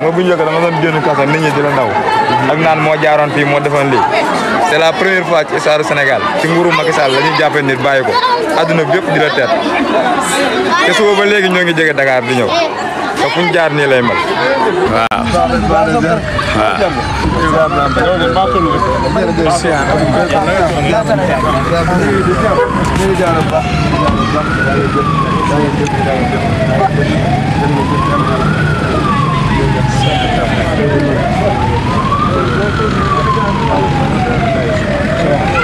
moo bu njëkk dama doon génn ñi di la ndaw ak naan moo jaaroon fii moo defoon lii c'est la première fois ci histoire Sénégal ci nguuru Macky Sall la ñuy jàppee nit bàyyi ko adduna bépp di la teet te suba ba léegi ñoo ngi jege dakaar di ñëw te fu ñu jaar nii lay mel waaw waaw Thank you.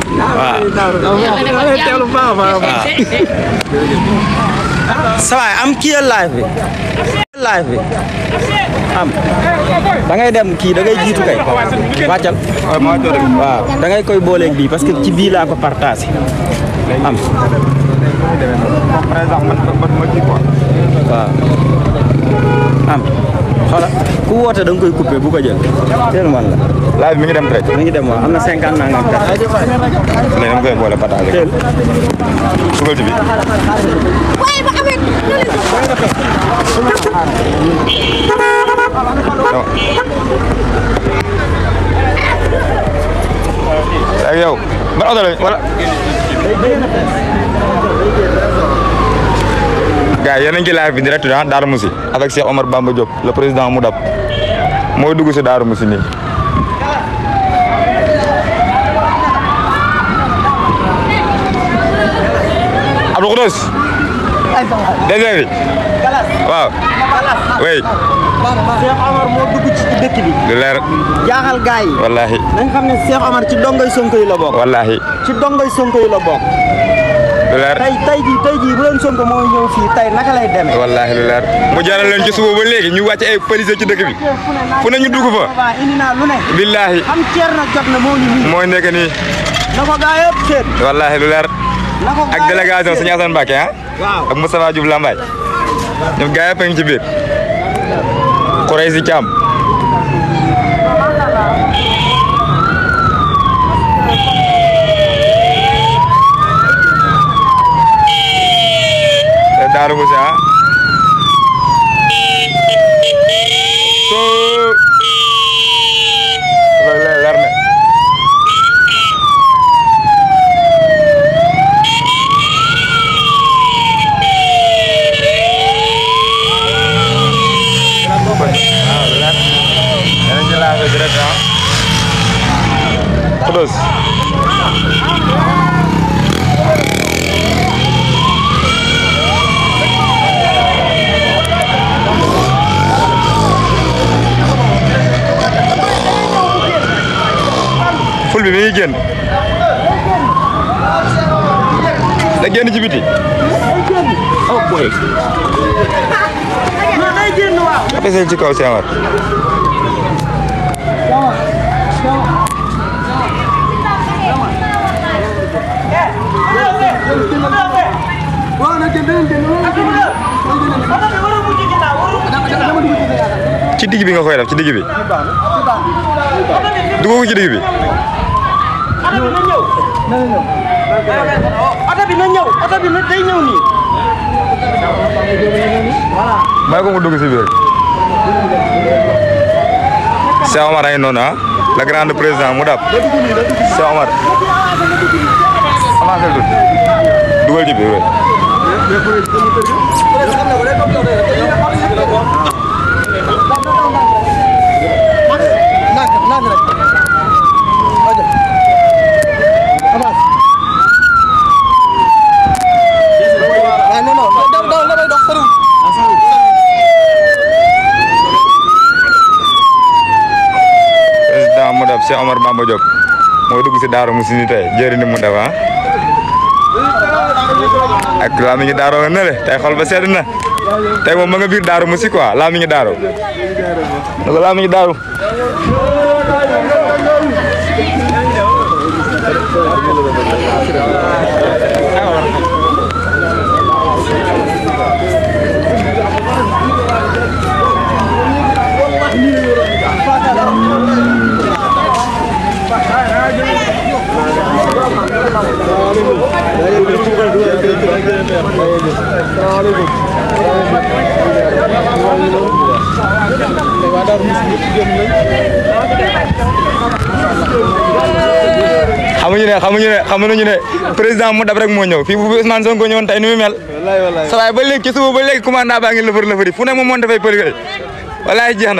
waaw sa am kii ya live ngay dem kii da ngay jiitu kay wàccal waaw da koy boole bii parce que ci bii laa ko partagé am am xoola ku woote da nga koy coupé bu ko jël teel man la. live mi ngi dem très mi ngi dem waaw am na cinquante naa nga am quatre. mais dama koy boole teel sugal ci yow gars yéen a ngi live bi direct dans ah, Darou Moussi avec Cheikh Omar Bamba Diop le président Moudab mooy dugg si Darou Moussi nii. Abdou Khoudoss. dégg nga waaw. oui. Cheikh moo dugg ci dëkk bi. lu leer. jaaxal gars yi. ne Cheikh Omar ci dongoy Sonko Sonko yi la bokk. lu leer tey tey jii tey jii bu leen Sonko moo ñëw fii tey naka lay demee wallaahi lu mu jaral leen ci suba ba léegi ñu wàcc ay policier ci dëkk bi fu ne ñu dugg fa indi naa lu ne billaahi am ceer na jot na moo ngi nii mooy nekk nii na ko gaa yëpp seet wallaahi lu leer ak délégation Serigne Assane Mbacké ah? ak Moustapha Diouf Lambaye ñoom gaa yëpp a ngi ci biir Koureysi Thiam Darou Moussa ñëw ci kaw Senghor. ci digg bi nga koy def ci digg bi. dugg ko ci digg bi. oto bi na ñëw oto bi na day ñëw nii. voilà. maa ngi ko mu dugg si biir. Cheikh Omar ay noonu ah le président mu dab Cheikh Omar avancé tuuti dugal ji mu def Cheikh Omar Bamba Diop moo dugg si Darou Moussi ni tey jëriñu ah. ak laa mi ngi daaroo na le ba sedd na tey moom ma nga biir daaru Moussi quoi laa mi ngi daaroo daaru xamuñu ne xamuñu ne xamuñu ne président mu dab rek moo ñëw fii bu Ousmane ko ñëwoon tey ni mu mel. wallaay wallaay sa waay ba léegi ci suba baa ngi lëfër lëfër yi fu ne moom moo dafay pël wallaay jeex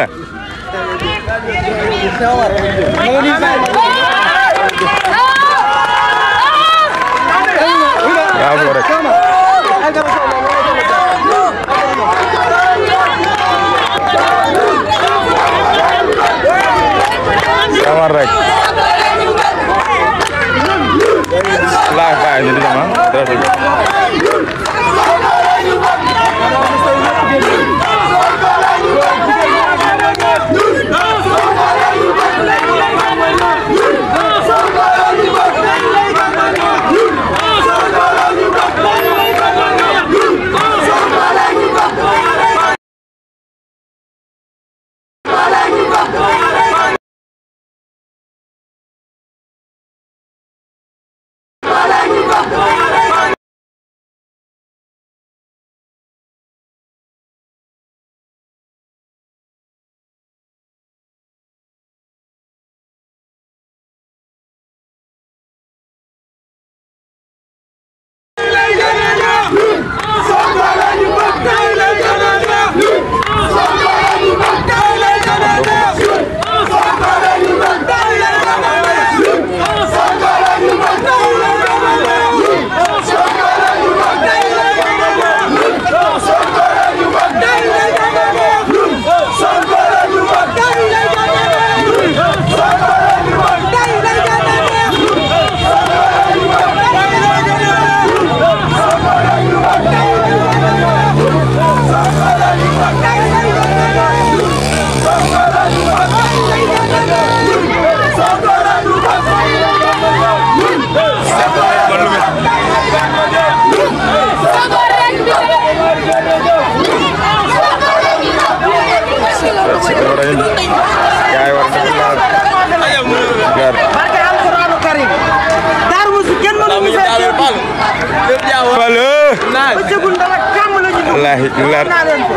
bëccëgul dara jàmm la ñu dugg. wallaahi leer naa leen ko.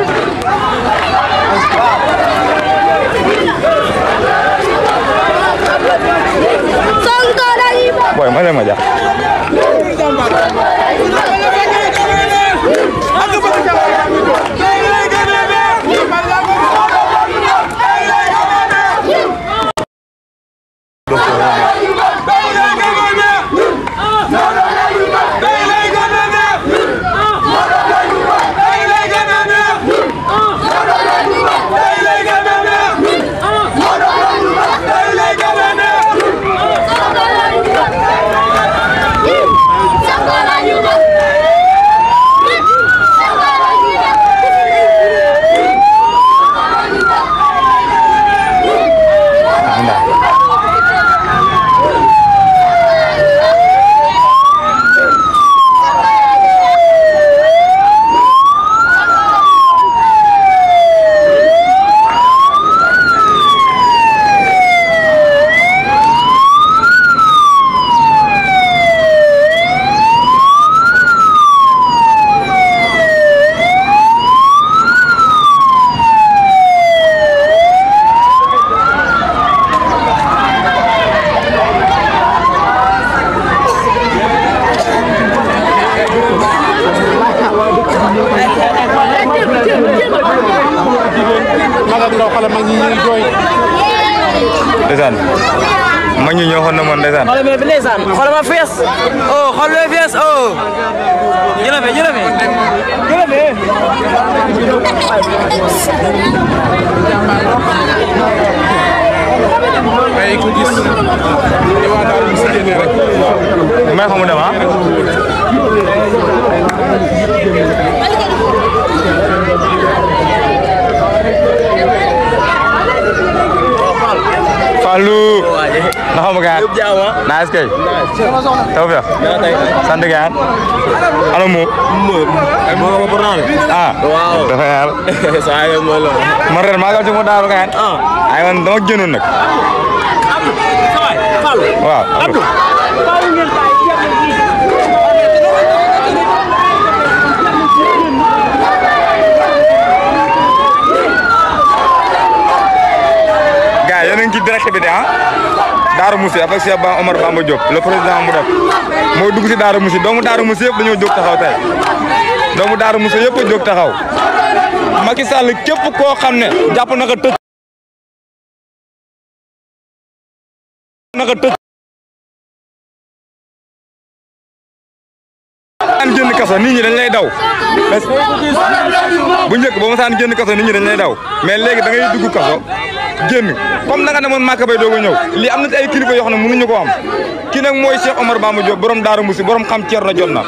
booy ma dem ma jàpp. ak bëgg jàmm may ko mu dem ah. na xam nga naa est-ce que. taw bi sant nga ana mu. ah. waaw dafa yaar. maa ngi am mu daaru nga ah. ay man dama génnoon nag. waaw. ci direct bi de ah Darou Moussi avec Cheikh Ba Omar Bamba Diop le président mu def moo dugg si daar Moussi doomu Darou Moussi yëpp dañoo jóg taxaw tey doomu daar Moussi yëpp a jóg taxaw Macky Sall képp koo xam ne jàpp na ko tëj daan génn kaso ni ñi dañ lay daw bu njëkk ba ma saan génn kaso nit ñi dañ lay daw mais léegi da ngay dugg kaso génn comme na nga demoon Màkka bay doog ñëw lii am na ci ay kilifa yoo xam ne mënuñu ko am kii nag mooy Cheikh Omar Bamba Diop borom Daaru Musi borom xam ceer na jot na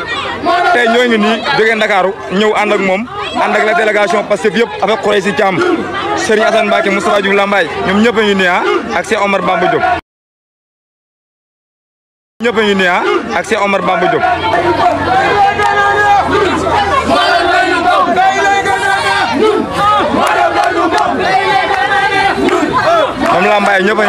tey ñoo ngi nii jógee Ndakaaru ñëw ànd ak moom ànd ak la délégation Pastef yëpp avec Khoureychi Thiam Serigne Assane Mbacké Moustapha Diouf Lambaye ñoom ñëpp a ngi nii ah ak Cheikh Omar Bamba Diop ñëpp a ngi nii ah, ak si Omar Bamba Diop moom laa mbaay ñëpp a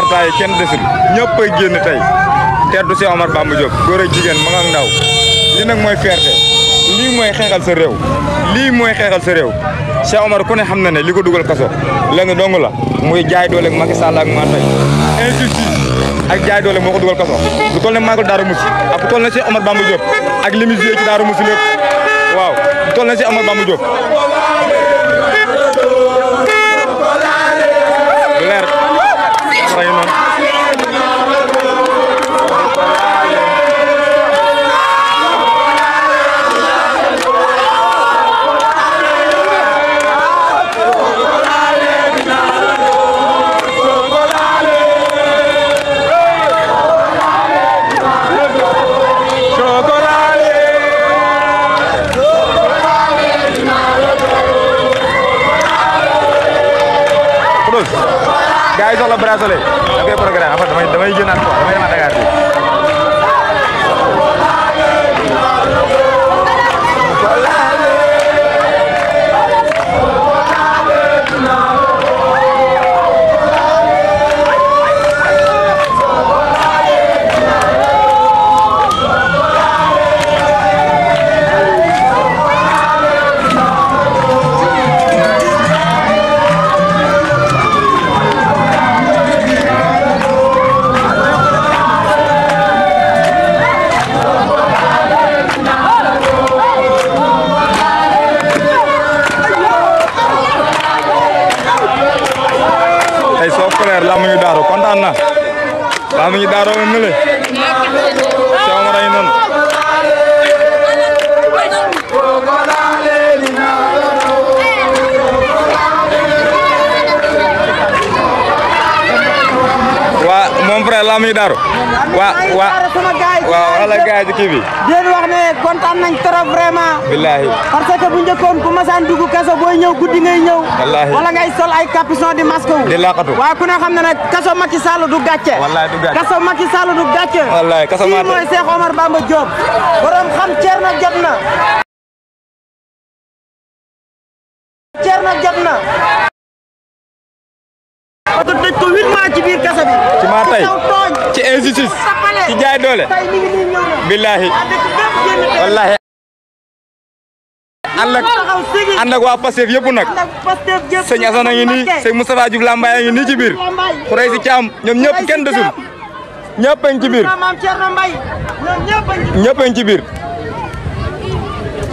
Jakarta yi kenn desul ñëpp ay génn tey teertu si Omar Bamba Diop góor ak jigéen mag ak ndaw lii nag mooy fierté lii mooy xeexal sa réew lii mooy xeexal sa réew Cheikh Omar ku ne xam na ne li ko dugal kaso lenn dong la muy jaay doole ma Macky Sall ak tey injustice ak jaay doole moo ko dugal kaso lu toll ne Michael Darou Moussi ak lu toll ne Cheikh Omar Bamba Diop ak li mu joué ci Darou Moussi lépp waaw lu ne Cheikh Omar Bamba Diop ray noonu jox la bracelet da ngay programme damay damay jënaat Daaro nga waa moom frère laa muy Daaro waa waa waaw ala gars yi kii bi déen wax ne kontaan nañ trop vraiment billahi parce que bu njëkkoon ku masaan dugg kaso booy ñëw guddi ngay ñëw wallahi wala ngay sol ay capuchon di masque wu di ku ne xam ne nag kaso Macky Sall du gàcce wallahi du gàcce kaso Macky Sall du gàcce wallahi kaso kii mooy Cheikh Omar Bamba xam ceer na jot na tëj ko huit mois ci biir kaso ci ci jaay doole. billahi wallahi ànd ak waa Pastef yëpp nag sëñ Assane a ngi nii sëñ Moustapha Diouf Lambaye nii ci biir Khoureychi Thiam ñoom ñëpp kenn desul ñëpp ci biir ñëpp ci biir.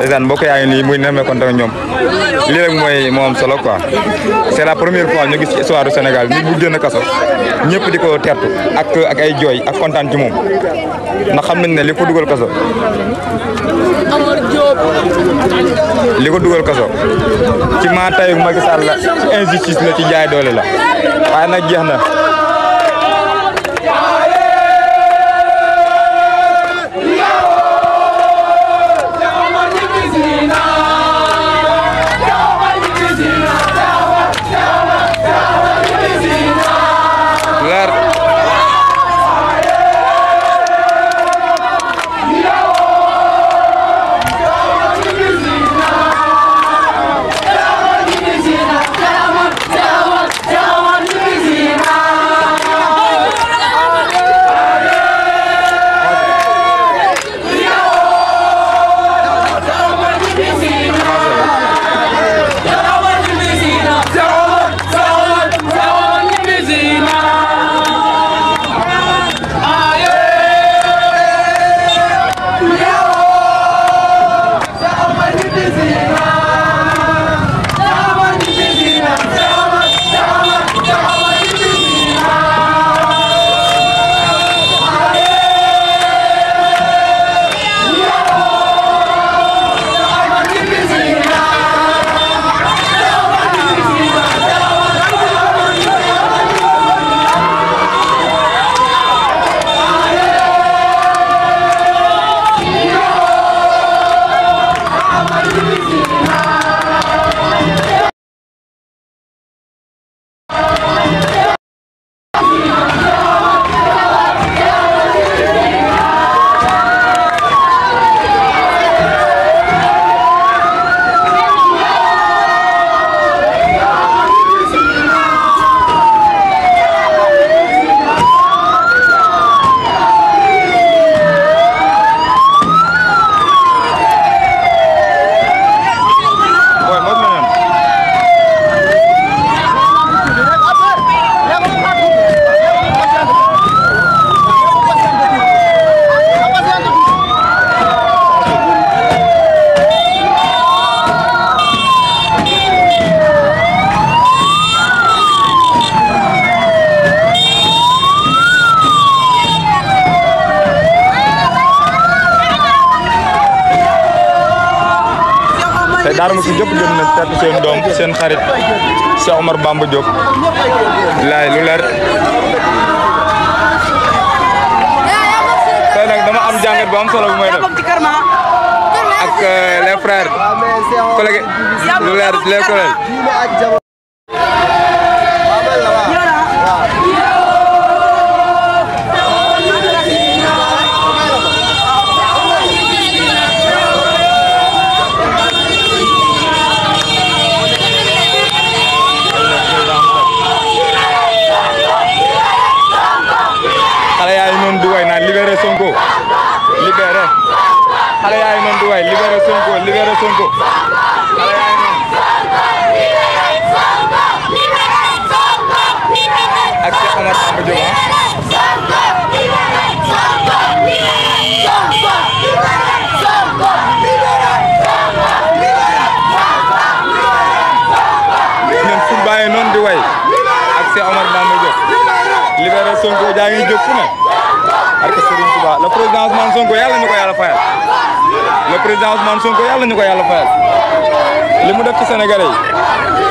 dèjà mbokk yaa ngi nii muy nemmeekonte ak ñoom lii rek mooy moom solo quoi c'est la première fois ñu gis ci histoire du Sénégal nit bu génn kaso ñëpp di ko tertu ak ay jooy ak kontaan ci moom ndax xam nañ ne li ko dugal kaso li ko dugal kaso ci maa tayu Macky Sall la injustice la ci jaay doole la waaye nag jeex na sàkk seen doom seen xarit Cheikh Omar Bamba Diop laay lu leer tey nag dama am jàngat bu am solo bu may def ak euh, les frères collègues lu leer les collègues Sonko yàlla ñu ko yàlla fayal li mu def ci Sénégalais yi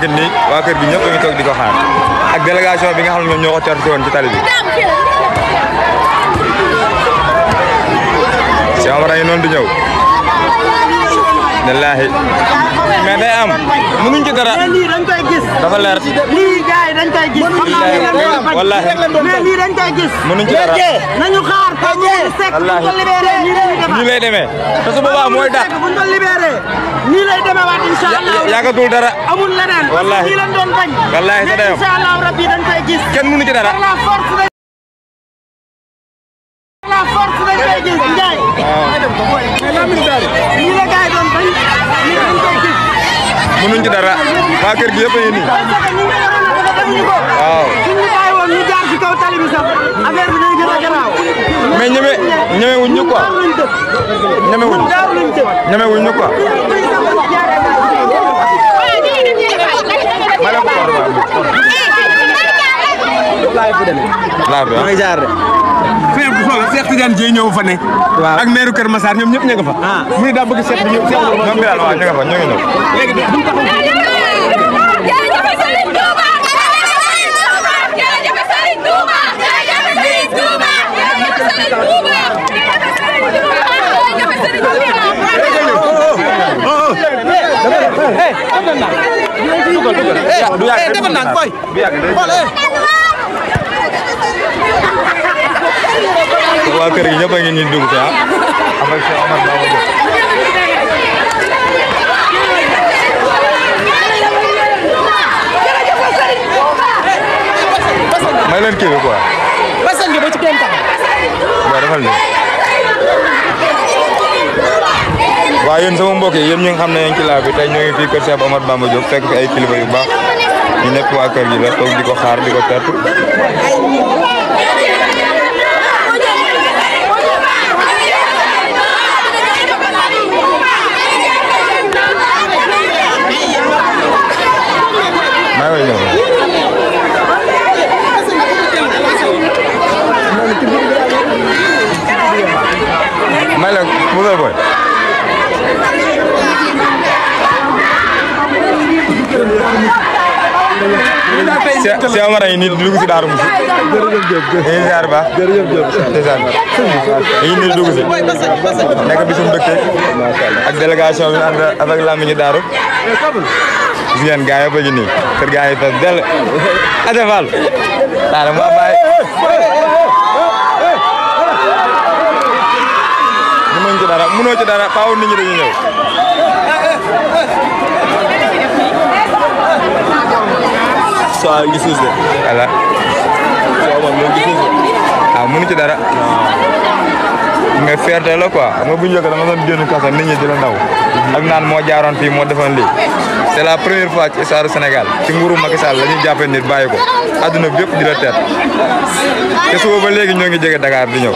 nekk nii waa kër gi ñëpp a ngi toog di ko xaar ak délégation bi nga xam ne ñoom ñoo ko tertu woon ci tali bi. Cheikh Omar a ngi noonu di ñëw. wallaahi mais day am. mënuñ ci dara. mais lii dañ koy gis. dafa leer lii gars yi dañ koy gis. xam naa ne lan moo faj mais lii dañ koy gis. mënuñ ci dara nañu xaar ko ñu sekk bu ñu ko libéré nii lay demee. nii lay demee te su boobaa mooy dàq bu ñu ko libéré nii lay demee waat incha allah. yaakatul dara amul leneen. wallaahi lii lañ doon bañ. wallaahi te dayoo mais incha allah rabbi dañ koy gis. kenn mënu ci dara la force la force dañ koy gis Ndiaye. waaw. mënuñ ci dara waa kër gi yëpp a ngi nii waaw. mais ñeme ñemewuñ ñu quoi ñemewuñ ñemewuñ ñu quoi. laa bi waaw ah. jaar de. feeñ bu foofu Cheikh ñëw fa ne. waaw ak maire Kër Massar ñoom ñëpp ña nga fa. mu ne daa bëgg seet bi ñoom bi daal waaw ña nga fa ñoo bay xoole waa kër gi ñëpp a ngi ñu dugg ta avec ah. Cheikh Omar Baba Diop ba ci kenn tax waaw defal ni waaw yéen sama mbokk yi yéen ñi nga xam ne yéen Omar Bamba Diop fekk fi ay kilifa yu baax ñu nekk waa kër gi la toog di ko xaar di ko tertu Cheikh Omar ay nit dugg si Darou Mouhty. jërëjëf jëf dañuy ziar baax. jërëjëf jëf ndeysaan dañuy ak délégation bi ànd avec Lamine Darou. gis ngeen gaa yëpp a ji nii kër gaa yi fes del Aja Fall mu abbaay mënuñ ci dara mënoo ci dara faaw nit ñi dañuy so gis-gis de. voilà. Ah, ci dara. mais fierté la quoi xam nga bu ñu yëg da nga doon nit ñi di la ndaw. ak naan moo jaaroon fii moo defan lii. c' la première fois ci histoire Sénégal ci nguuru Macky Sall la ñuy jàppee nit bàyyi ko adduna bépp di la teet te suba ba léegi ñoo ngi jege Dakar di ñëw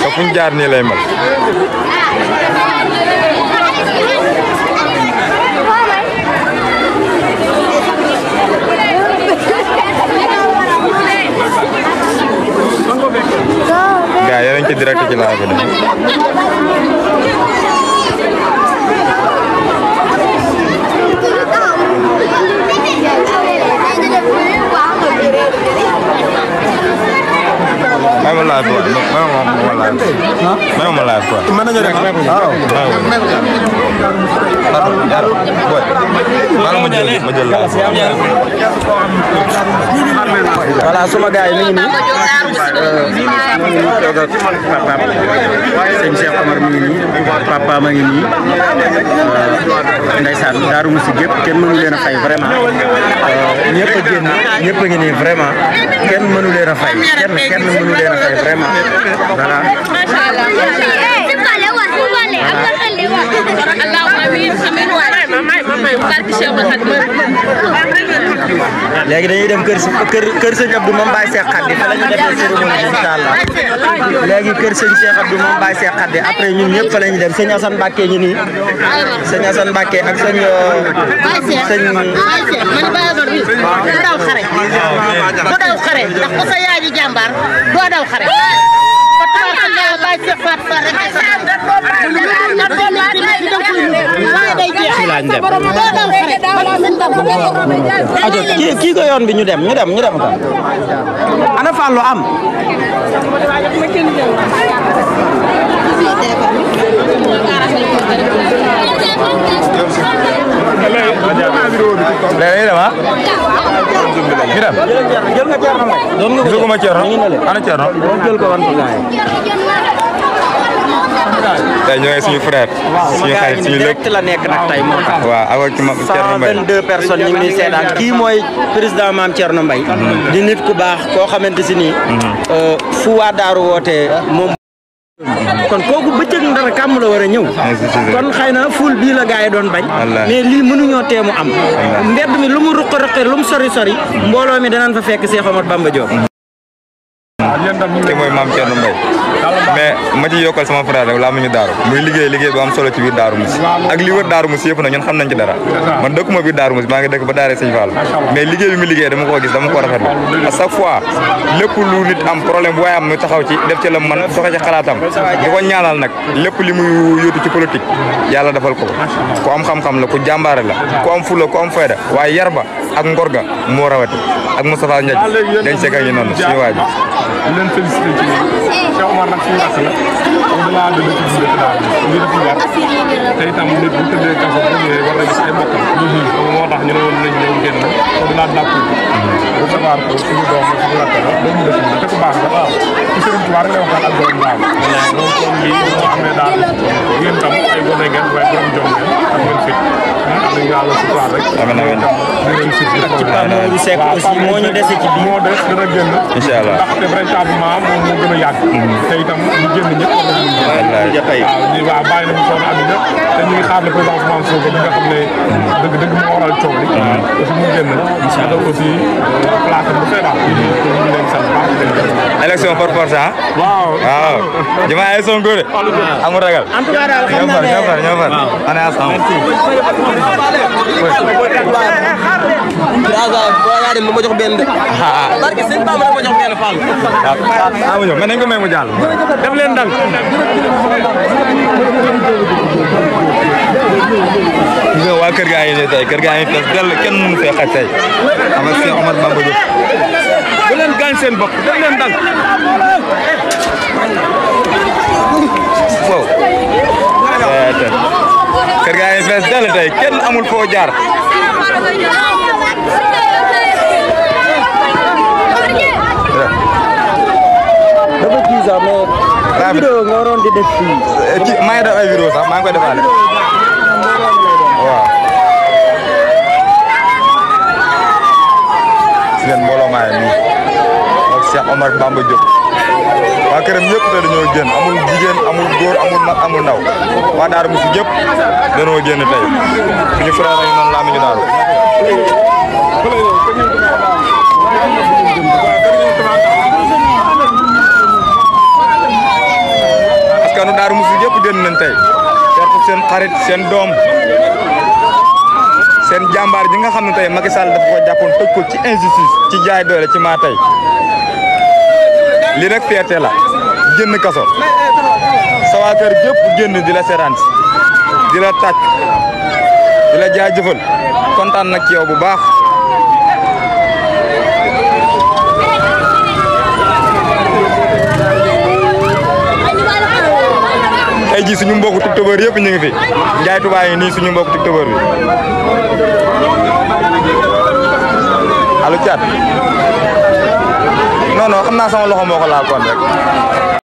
te fu ñu jaar nii lay mel. gars yéen a ngi ci direct ci live bi may ma laaj quoi may ma laaj quoi. mën nañu rek waaw waaw. voilà suma gars yi mi ngi nii. noonu ñu toog ak papaam sëñ Cheikh mi ngi nii papaam a ngi nii ndeysaan daaru mu si gépp kenn mënu leen a fay vraiment ñëpp a génn ñëpp a ngi nii vraiment kenn mënu leen a fay kenn kenn mënu leen a fay vraiment voilà ne am na xel li wax allahumma amiin amiin waay barke Cheikh Khadim léegi dañuy dem kër kër kër sëñ Abdou moom Baye Cheikh Khadi fa la ñu defee cérémonie incha allah léegi kër sëñ Cheikh Abdou moom Baye Cheikh Khadi après ñun ñëpp fa la ñu dem sëñ Assane Mbacke ñu nii sëñ Assane Mbacke ak sëñ euh, sëñ man daw xare doo daw xare ndax ko sa yaay di jàmbaar doo daw xare ajo kii kii ko yoon bi ñu dem ñu dem ñu dem ko ana Fallou am léegi dama Biram jël nga Thierno nag. doon nga ko jël gisuma Thierno ana Thierno. doon jël ko wan ko gars yi. tey ñooy suñu frère. suñu xarit suñu lépp la nekk nag tey moo tax. waaw awa ci ma Thierno Mbaye 122 personnes ñu ngi ñuy seetaan kii mooy président maam Thierno Mbaye. Mhm. di nit ku baax koo xamante si nii. Mhm. Euh, fu waa Daaru wootee moom. kon kooku bëccëg ndara kàmm la war a ñëw kon xay na ful bii la gars yi doon bañ mais lii mënuñoo tee mu am mbedd mi lu mu ruqa ruqe lu mu sori sori mbooloo mi danañ fa fekk Cheikh Omar Bamba Diop te mooy maam Thierno Mbaye mais ma ci yokkal sama frère rek laa mu ñu daaru muy liggéey liggéey bu am solo ci biir daaru musi ak li wër daaru musi yëpp na ñun xam nañ ci dara man dëkkuma biir daaru musi maa ngi dëkk ba daaree sëñ Fall mais liggéey bi mu liggéey dama koo gis dama koo rafetlu à chaque fois lépp lu nit am problème bu waaye am mu taxaw ci def ci la man soxe ci xalaatam di ko ñaanal nag lépp li muy yóotu ci politique yàlla defal ko ko ku am xam la ku jàmbaare la ku am ak ngor ga moo rawati ak Moustapha Ndiaye ah, dañ see gagné noonu suñu waa ji. di leen félicité ci Cheikh Omar nag suñu rakk la moom damaa ànd dëkk bi dëkk daal lii dafa jaar te itam nit bu tëddee kaso bu ñëwee war na gis ay mbokkam. moo tax ñu ne woon nañu ñëw génn kon dinaa dàpp ko recevoir ko suñu doom bi suñu rakk la doomu dëkk bi dëkk baax la waaw ci Serigne Touba rek lay waxtaan ak borom daal donc kon lii moo amee daal ngeen tam ay gone ngeen waaye borom jom ngeen ak ngeen fit am nañu yàlla sutura rek ak ci Pape Modou Seck aussi moo ñu dese ci biir. moo des gën a génn. incha allah ndaxte véritablement moom moo gën a yàgg. Mhm. te itam ñu génn ñëpp. wallaay jatay waaw ñu waaw bàyyi nañu soxna Ami ñëpp te ñu ngi xaar le président Ousmane Sonko bi nga xam ne mhm. dëgg dëgg moo waral coow li. Mhm. aussi mu génn. incha allah aussi euh, place bu fee daal. ñu ngi leen sant baax di leen élection par force ah. waaw waaw. jamaa ay Sonko de. amul ragal. en tout cas daal xam naa ne ñoo far ñoo far ñoo far. ana askan. merci. Brazzaville boo yaa dem lu ma jox benn de. Ah. barke sëñ Bamba ma jox benn Fall. waaw waaw mais nañ ko may mu jàll. def leen ndànk. gis nga waa kër gaa ngi nii tey kër gaa ngi fees dell kenn mënu fee xaj tey ama Cheikh Omar Bamba Diop bu leen gaañ seen bopp def leen ndànk. wow. Eh, kër gaa ngi fees dell tey kenn amul foo jaar. dafa kii sax mais. daa vidéo nga waroon di def eh, maa ngi def ay vidéo sax maa ngi koy defaale. waaw. si ngeen mbooloo maa ngi nii ak Cheikh Omar Bamba Diop waa këram ñëpp te dañoo génn amul jigéen amul góor amul mag ndaw waa Darou Mousty ñëpp dañoo génn tey suñu frère yi noonu ñu daaru askanu Daaru Muxti yëpp génn nañ tey perte seen xarit seen doom seen jàmbaar ji nga xam ne tey Macky Sall dafa ko jàppoon ci injustice ci jaay doole ci maa tey li rek fierté la génn kaso sa waa kër yëpp génn di la seetaan di la tàcc di la jaajëfal kontaan nag ci yow bu baax tey jii suñu mbokku tiktokeur yëpp ñu ngi fi Ndiaye Touba yi nii suñu mbokku tiktokeur bi allo Thiat non loxo moo ko rek.